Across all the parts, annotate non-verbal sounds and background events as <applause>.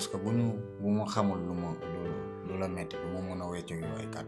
parce que bu ñu bu ma xamul lu ma lu la metti du ma mën a weccoog yow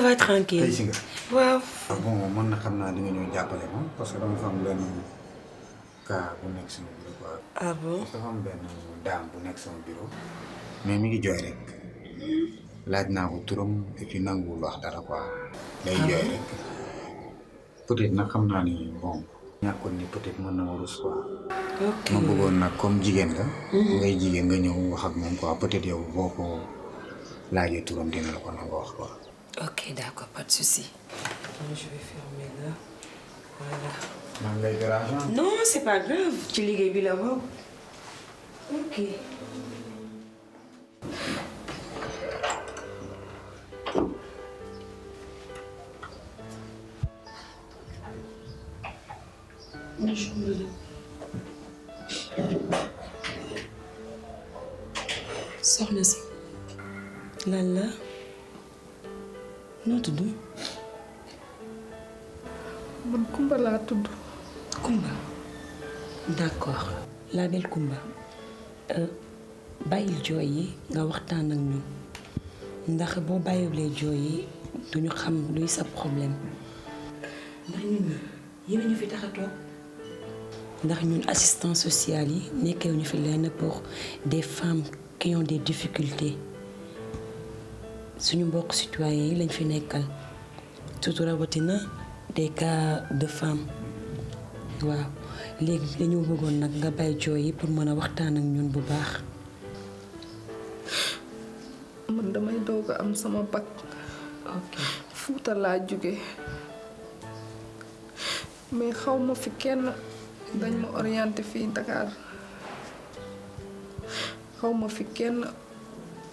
ça va tranquille tey si nga. waaw. Ah, bon mën na xam naa di nga ñëw jàppale ma parce que dama fa am benn cas bu nekk sama bureau quoi. ah bon dafa am benn dame bu nekk sama bureau. mais mi ngi jooy rek laaj naa ko turam et puis nanguwul wax dara quoi. day ah jooy rek peut-être nag xam naa ni bon. ñàkkoon ni peut-être mën na ma rus quoi. ok ma bëggoon nag comme jigéen nga. ngay mm-hmm. jigéen nga ñëw wax ak moom quoi peut-être yow boo ko laajee turam dina la ko nangoo wax quoi. Ok, d'accord, pas de souci. Je vais fermer là. Voilà. Malgré de l'argent. Hein? Non, c'est pas grave. Tu les gagné là-bas. Ok. Bonjour, madame. Sors, Nassim. Lala noo tudd. Bon Kumba laa tudd. Kumba d'accord La belle Kumba euh, bàyyil Joy, yi nga waxtan ak ñun ndax boo bàyyiwulee Joy, yi duñu xam luy sa problème ndax ñun ñi yéen ñu fi taxato. ndax ñun assistance sociale yi nekkee ñu fi lenn pour des femmes qui ont des difficultés. suñu mbokk citoyen yi lañ fi nekkal surtout rawatina des cas de femmes waaw léegi dañu bëggoon nag nga bay jooy yi pour mën a waxtaan ak ñun bu baax man damay doog am sama bac fuuta laa jóge mais xaw ma fi kenn dañ ma orienté fii Dakar xaw ma fi kenn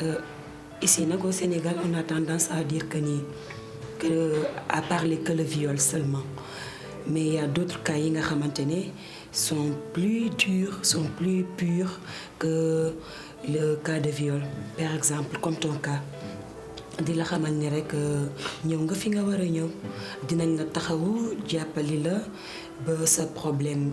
Euh, ici, au Sénégal, on a tendance à dire que, que à parler que le viol seulement. Mais il y a d'autres cas qui sont plus durs, sont plus purs que le cas de viol. Par exemple, comme ton cas. Je la xamal ni rek euh, ñëw nga fi nga war a dinañ problème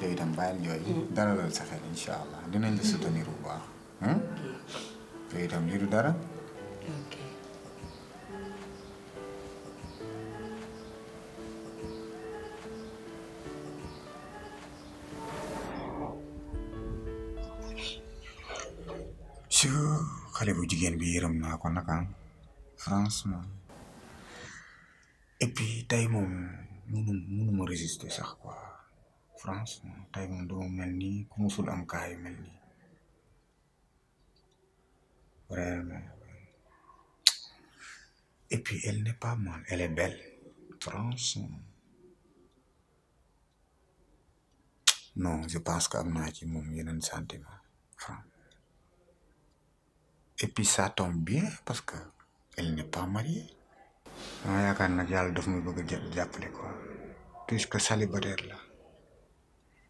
yooyu itam bàyyil jooy. Mm-hmm. dalalal sa xel incha allah dinañ la mm-hmm. soutenir bu baax. Hmm? yooyu itam lii du dara. su xale bu jigéen bi yërëm naa ko naka franchement et puis tey moom mënu mënu ma sax quoi. France tey moom doo mel nii ku am kay vraiment et puis elle n'est pas mal elle est belle France non je pense que am naa ci moom sentiment France et puis ça tombe bien parce que elle n'est pas mariée Il y a yàlla daf m'a bëgg que quoi puisque célibataire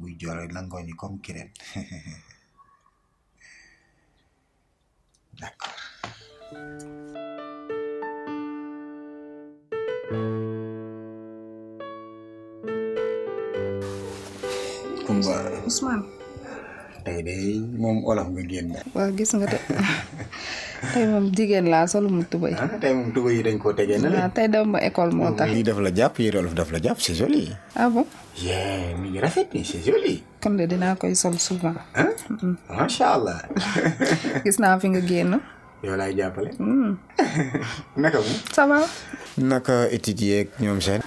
buy joore langooñi comme kireen <laughs> d'accord Kumba Ousmane tey de moom olof nga génn waaw gis nga <laughs> tey moom jigéen laa solum tubay. tay ah, tey moom tubay yi dañ koo tege na la. tey dama école moo tax. lii daf la jàpp yére olof daf la jàpp c'est joli. ah bon. yee mi ngi rafet ni c'est joli. kon de dinaa koy sol souvent. ah macha allah. <laughs> gis naa fi nga génn. yow laay jàppale. Hmm. <laughs> naka mu. ça va. naka études yeeg ñoom seen.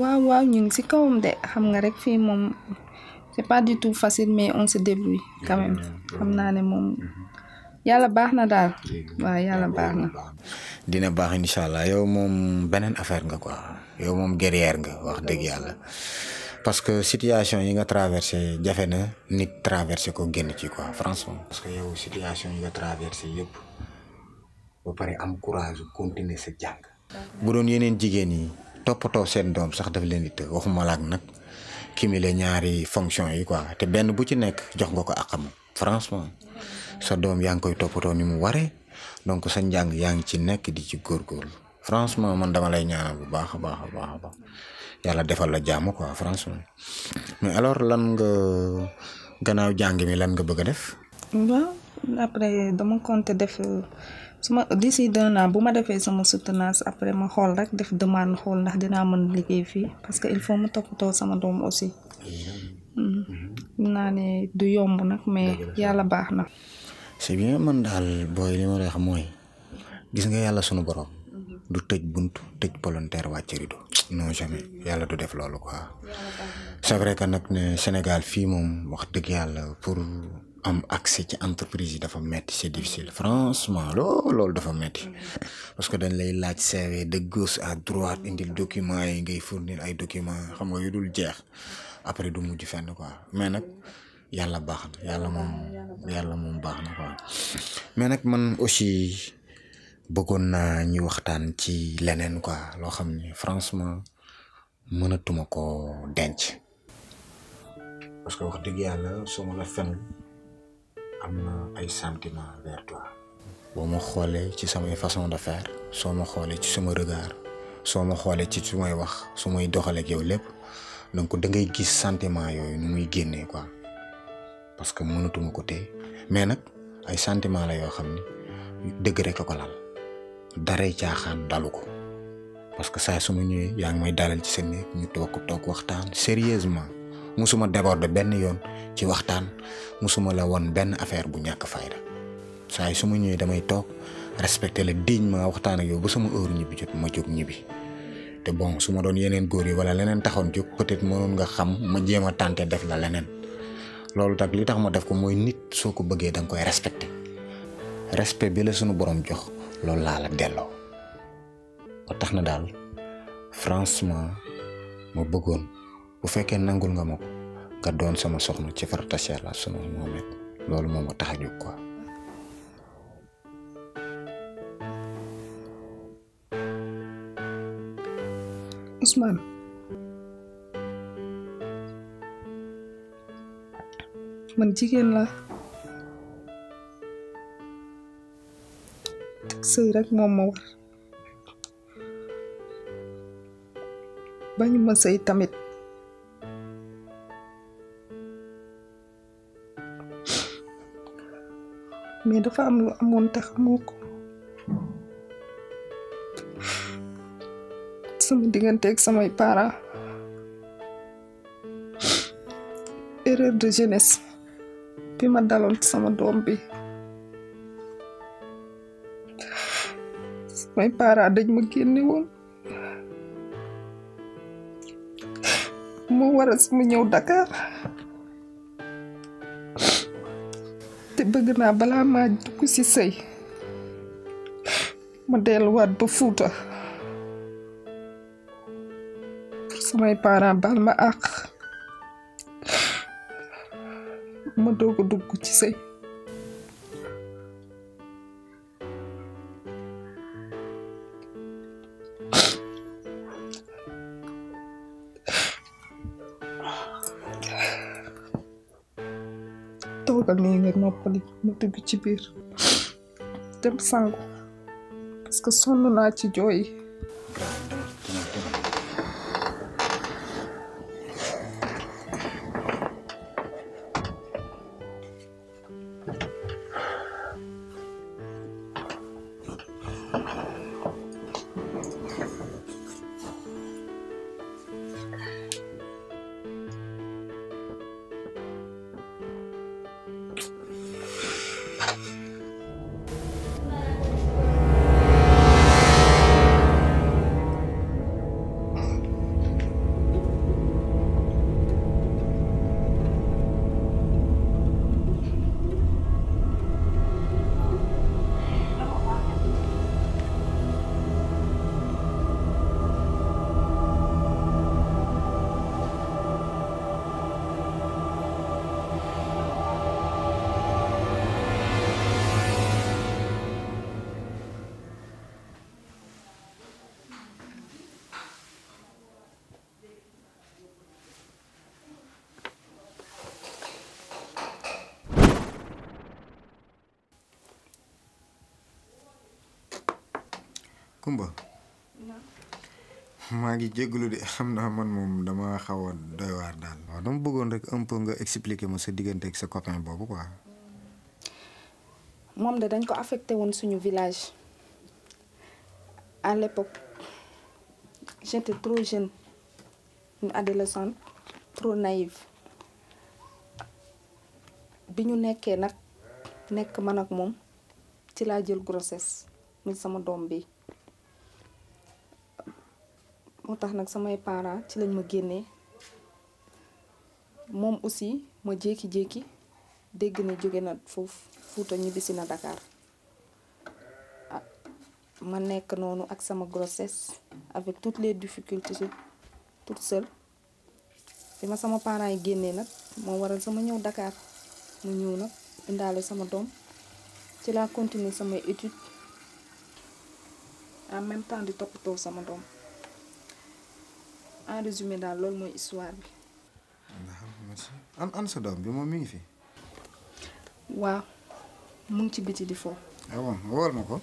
waaw waaw ñu ngi si kawam de xam nga rek fii moom c'est pas du tout facile mais on se débrouille quand même xam naa ne moom. Mm-hmm yalla baxna dal wa yalla baxna dina bax inshallah yow mom benen affaire nga quoi yow mom guerrière nga wax deug yalla parce que situation yi nga traverser jafena nit traverser ko génn ci quoi franchement. parce que yow situation yi nga traverser yep ba pare am courage continuer sa jang bu done yenen jigen yi topoto sen dom sax daf len nit waxuma lak nak kimi le ñaari fonction yi quoi te benn bu ci nek jox nga ko akam franchement sa yang yang koy topoto ni mu waré donc sa njang yang ci nek di ci gor franchement man dama lay ñaanal bu baax a baax a baax defal la jamm quoi franchement mais alors lan nga gannaaw jang mi lan nga bëgg def waaw ya, après dama compté def suma d'ici d'un an buma ma sama soutenance après ma xol rek def demande xol ndax dina mën liggéey fi parce que il faut mu topoto sama dom aussi iya. Mm-hmm. naa ne du yomb nag mais yàlla baax na. c'est bien man daal booy li ma lay mooy gis nga yàlla sunu borom. Mm-hmm. du tëj bunt tëj volontaire wàcc rido non jamais yàlla du def loolu quoi. c'est vrai que nag ne Sénégal fii moom wax dëgg yàlla pour am accès ci entreprise yi dafa metti c'est difficile franchement loolu loolu dafa metti parce que dañ lay laaj CV dëgg gauche à droite indil documents yi ngay fournir ay documents xam nga yu dul jeex. après du mujj fenn quoi mais nak yalla baax na yàlla moom yàlla moom baax na quoi mais nak man aussi bëggoon na ñu waxtaan ci leneen quoi lo xamni ne franchement mënatuma ko denc parce que wax deug yalla suma la fenn amna ay sentiment vers toi bo mo xolé ci sama façon de faire so mo xolé ci sama regard so mo xolé ci ci moy wax sumay ak yow lepp donc da ngay gis sentiment yoy nu muy génnee quoi parce que mënatuma ko té mais nak ay sentiment la yo xamni deug rek ko lal daray caaxaan dalu ko parce que saa su ñuy ya ngi may dalal ci seen ñu tok tok waxtaan sérieusement musuma déborder ben yoon ci waxtaan musuma la won ben affaire bu ñak fayda saa su ñuy damay tok respecter le digne ma waxtaan ak yow bu sama heure ñibi jot ma jog ñibi te bon su ma doon yeneen yi wala lenen taxone ci peut-être mënoon nga xam ma jema a def la lenen lolou tak li tax ma def ko moy nit suku beugé dang koy respecter respect bi la sunu borom jox lolou la la nadal ba tax na franchement ma bëggoon bu fekkee nangul nga mako ko don sama soxna ci farata la sunu momet lolou moma taxaju quoi Osman. man jigéen la sëy rek moom ma war bañu ma sëy tamit mais dafa am lu amoon te xamoo sama diggante ak samay parents erreur de jeunesse bi ma daloon sama doom bi samay parents dañ ma génne woon moo waral sama ñëw Dakar te bëgg naa balaa maa dugg ci sëy ma delluwaat ba Fuuta samay parents baal ma àq ma doog dugg ci sëy toogal nii nga noppali ma dugg ci biir dem sangu parce que sonn naa ci jooy Kumba iya. ma ngi jéglu di xam naa man moom dama xaw a doy waar daal waaw dama bëggoon rek un peu nga expliquer ma sa diggante ak sa copain boobu quoi. moom de dañ ko affecté woon suñu village à l'époque j'étais trop jeune une adolescente trop naïve bi ñu nekkee nag nekk man ak moom ci laa jël grossesse muy sama doom bi. moo nak samay parents ci lañ ma génnee mom aussi ma jékki-jékki dégg ne jóge na foofu Fuuta ñibisi na Dakar ah, ma nekk nonu ak sama grossesse avec toutes les difficultés toute seule bi sama parents yi génnee nak mo waral sama ñew Dakar mu ñew nak indaale sama dom ci la continuer sama études en même temps di top sama dom en résumé dans loolu histoire bi. merci an an sa doom bi moom mi ngi fi. waaw mu ngi ci biti di fo. que tu es na ko.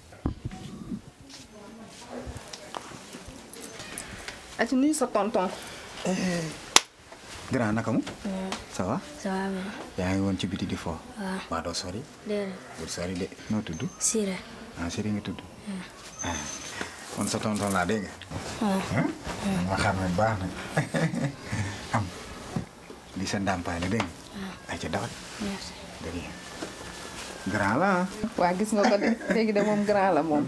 sa tonton. Eh, grand ça va. ça va bien. yaa ngi woon ci biti di fo. waaw maa Oui. sori. déedéet. bul sori de. es tudd. Siré. ah Siré nga Oui. Ah. kon sa tonton laa dégg nga na am li sa ndàmpaay la dégg ay ca dawal dégg grand la waa gis nga ko léegi de moom grand la moom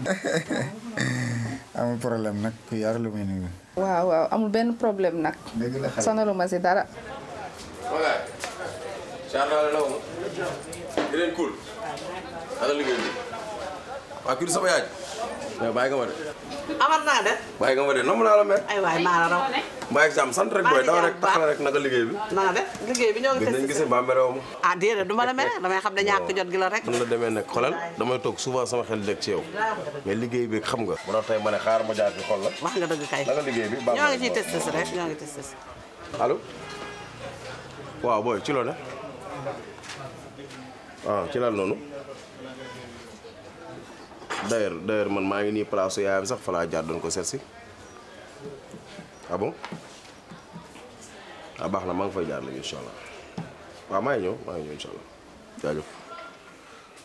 problème nag ku yar lu muy nuyu waaw amul benn problème nag sonaluma si dara voilà gendarme la woon cool Amar naa def. bàyyi nga ma de namm naa la mel. ay waay maa la raw. mbaa exam sant rek booy daw rek taxal rek liggéey bi. naa def liggéey bi ñoo ma. ah déedéet du ma la mere gi la rek. mun la demee nag xolal damay toog souvent sama xel dëkk ci yow. liggéey bi xam nga. bu doon tey ma xaar ma jaar fi xol la. wax nga dëgg kay naka liggéey bi baax na ñoo ngi ciy testé si rek ñoo booy ci loolu. Ah, ci lan noonu. d'ailleurs man maa ngi nii place yaayam sax fa laa jaar doon ko seet si ah bon ah baax na maa ngi fay jaar léegi incha allah waaw maa ngi ñëw maa ngi ñëw incha allah jaajëf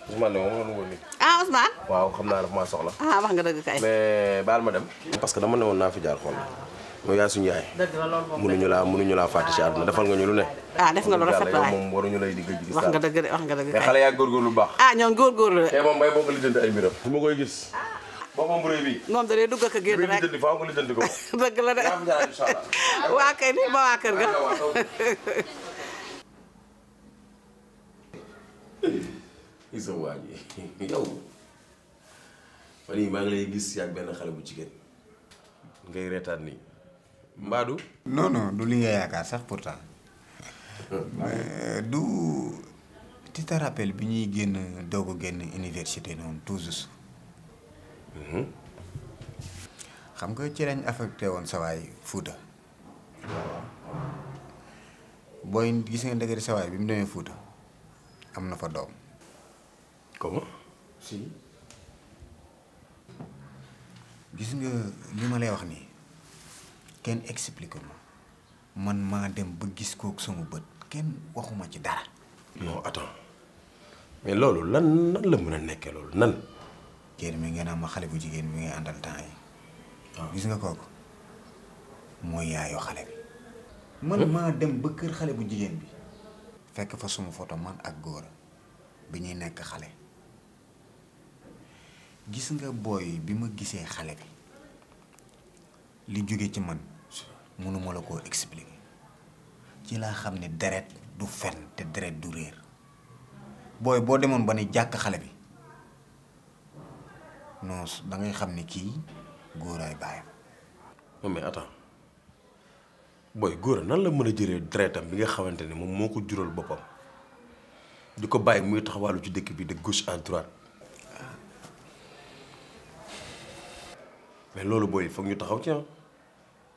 Ousmane moom la nu woon nii. ah Ousmane. waaw xam naa dafa maa soxla. ah wax nga dëgg kay. mais baal ma dem. parce que dama ne woon naa fi jaar xool. mooy yaay mënu ñu la mënu ñu la faati ci aduna ah, defal nga ñu lu ne ah def nga lu rafet mom waru ñu lay di gis wax nga deug wax nga deug mais ya gor gor lu bax ah ñoo gor de tey mom bay bokk li dënd ay miram bu ma koy gis boppam bu rëy bi mom da lay dugg ak a génn dënd fa ko li <laughs> dënd ko deug la de <laughs> wa kay ni ba wa kër ga <laughs> isa waaji yow man yi maa ngi lay gis yaag ben xale bu jigéen ngay retane nii mbaadu non du li nga yaakaar sax pourtant euh, du tu te bi ñuy génn doog génn université noonu toujours mhm. xam nga ci lañ affecté woon sawaay Fuuta booy gis nga dëgg sawaay bi mu demee Fuuta am na fa doom comment gis nga li ma lay wax nii Ken expliquer ma man ma dem ba gis ak sama beut ken waxuma ci dara. non attends mais loolu lan nan la meuna nekké nekkee nan. Ken mi ngeen ma xalé bu jigen mi ngay andal temps yi. Ah. gis nga kooku mooy yaayoo xalé bi. man hmm? ma dem ba keur xalé bu jigen bi. fekk fa suma photo man ak góor bi ñi nekk xalé gis nga boy bi ma gisee bi li joggé ci man. mënuma la ko expliquer ci laa xam ni deret du fen te deret du réer booy boo demoon ba ne jàkk xale bi non da ngay xam ni kii góoraay baayam. moom mais attends booy góor nan la mën a jëree deretam bi nga xamante ne moom moo ko jural boppam di ko bàyyi muy taxawaalu ci dëkk bi de gauche à droite ah. mais loolu booy foog ñu taxaw ci ah.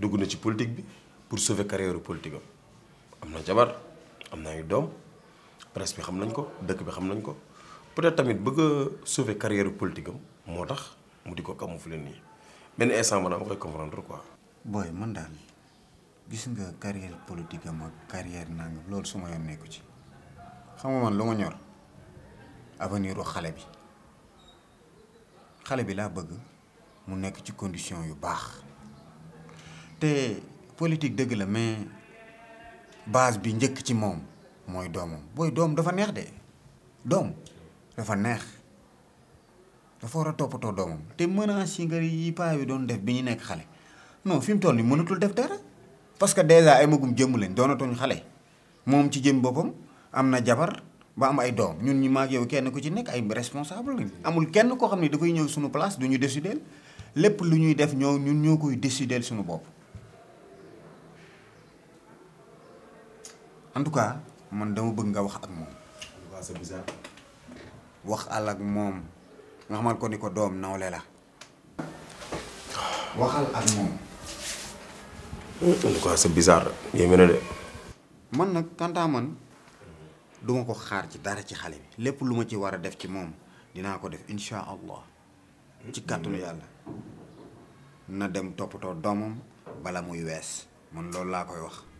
dugg na ci politique bi pour sauver carrière politique am am na jabar am na ay doom presse bi xam nañ ko dëkk bi xam nañ ko peut-être tamit bëgg a sauver carrière politique moo tax mu di ko leen nii benn instant ma dama koy comprendre quoi. booy man daal gis nga carrière politique am ak carrière nangam loolu su ma yoon nekku ci xam nga lu ma ñor avenir u xale bi xale bi laa bëgg mu nekk ci condition yu baax. te politique dëgg la mais base bi njëkk ci moom mooy doomam booy doom dafa neex de doom dafa neex dafa war a toppatoo doomam te menaces yi nga yi paa yi doon def bi ñu nekk xale non fi mu toll nii mënatul def dara parce que déjà ay magum jëmm lañ doonatuñ xale moom ci jëm boppam am na jabar ba am ay doom ñun ñu maag yow kenn ku ci nekk ay responsable lañ amul kenn koo xam ne dafay ñëw suñu place du ñu décider lépp lu ñuy def ñoo ñun ñoo koy décider sunu bopp en tout cas man dama bëgg nga wax ak moom. c'est wax àll ak moom nga xamal ko ni ko doom nawle la. waxal ak moom. en na nag kantaa man duma ko xaar ci dara ci xale bi lépp lu ma ci war a def ci moom dinaa ko def insha allah ci kàttanu yàlla na dem toppatoo doomam bala muy wees man loolu laa koy wax.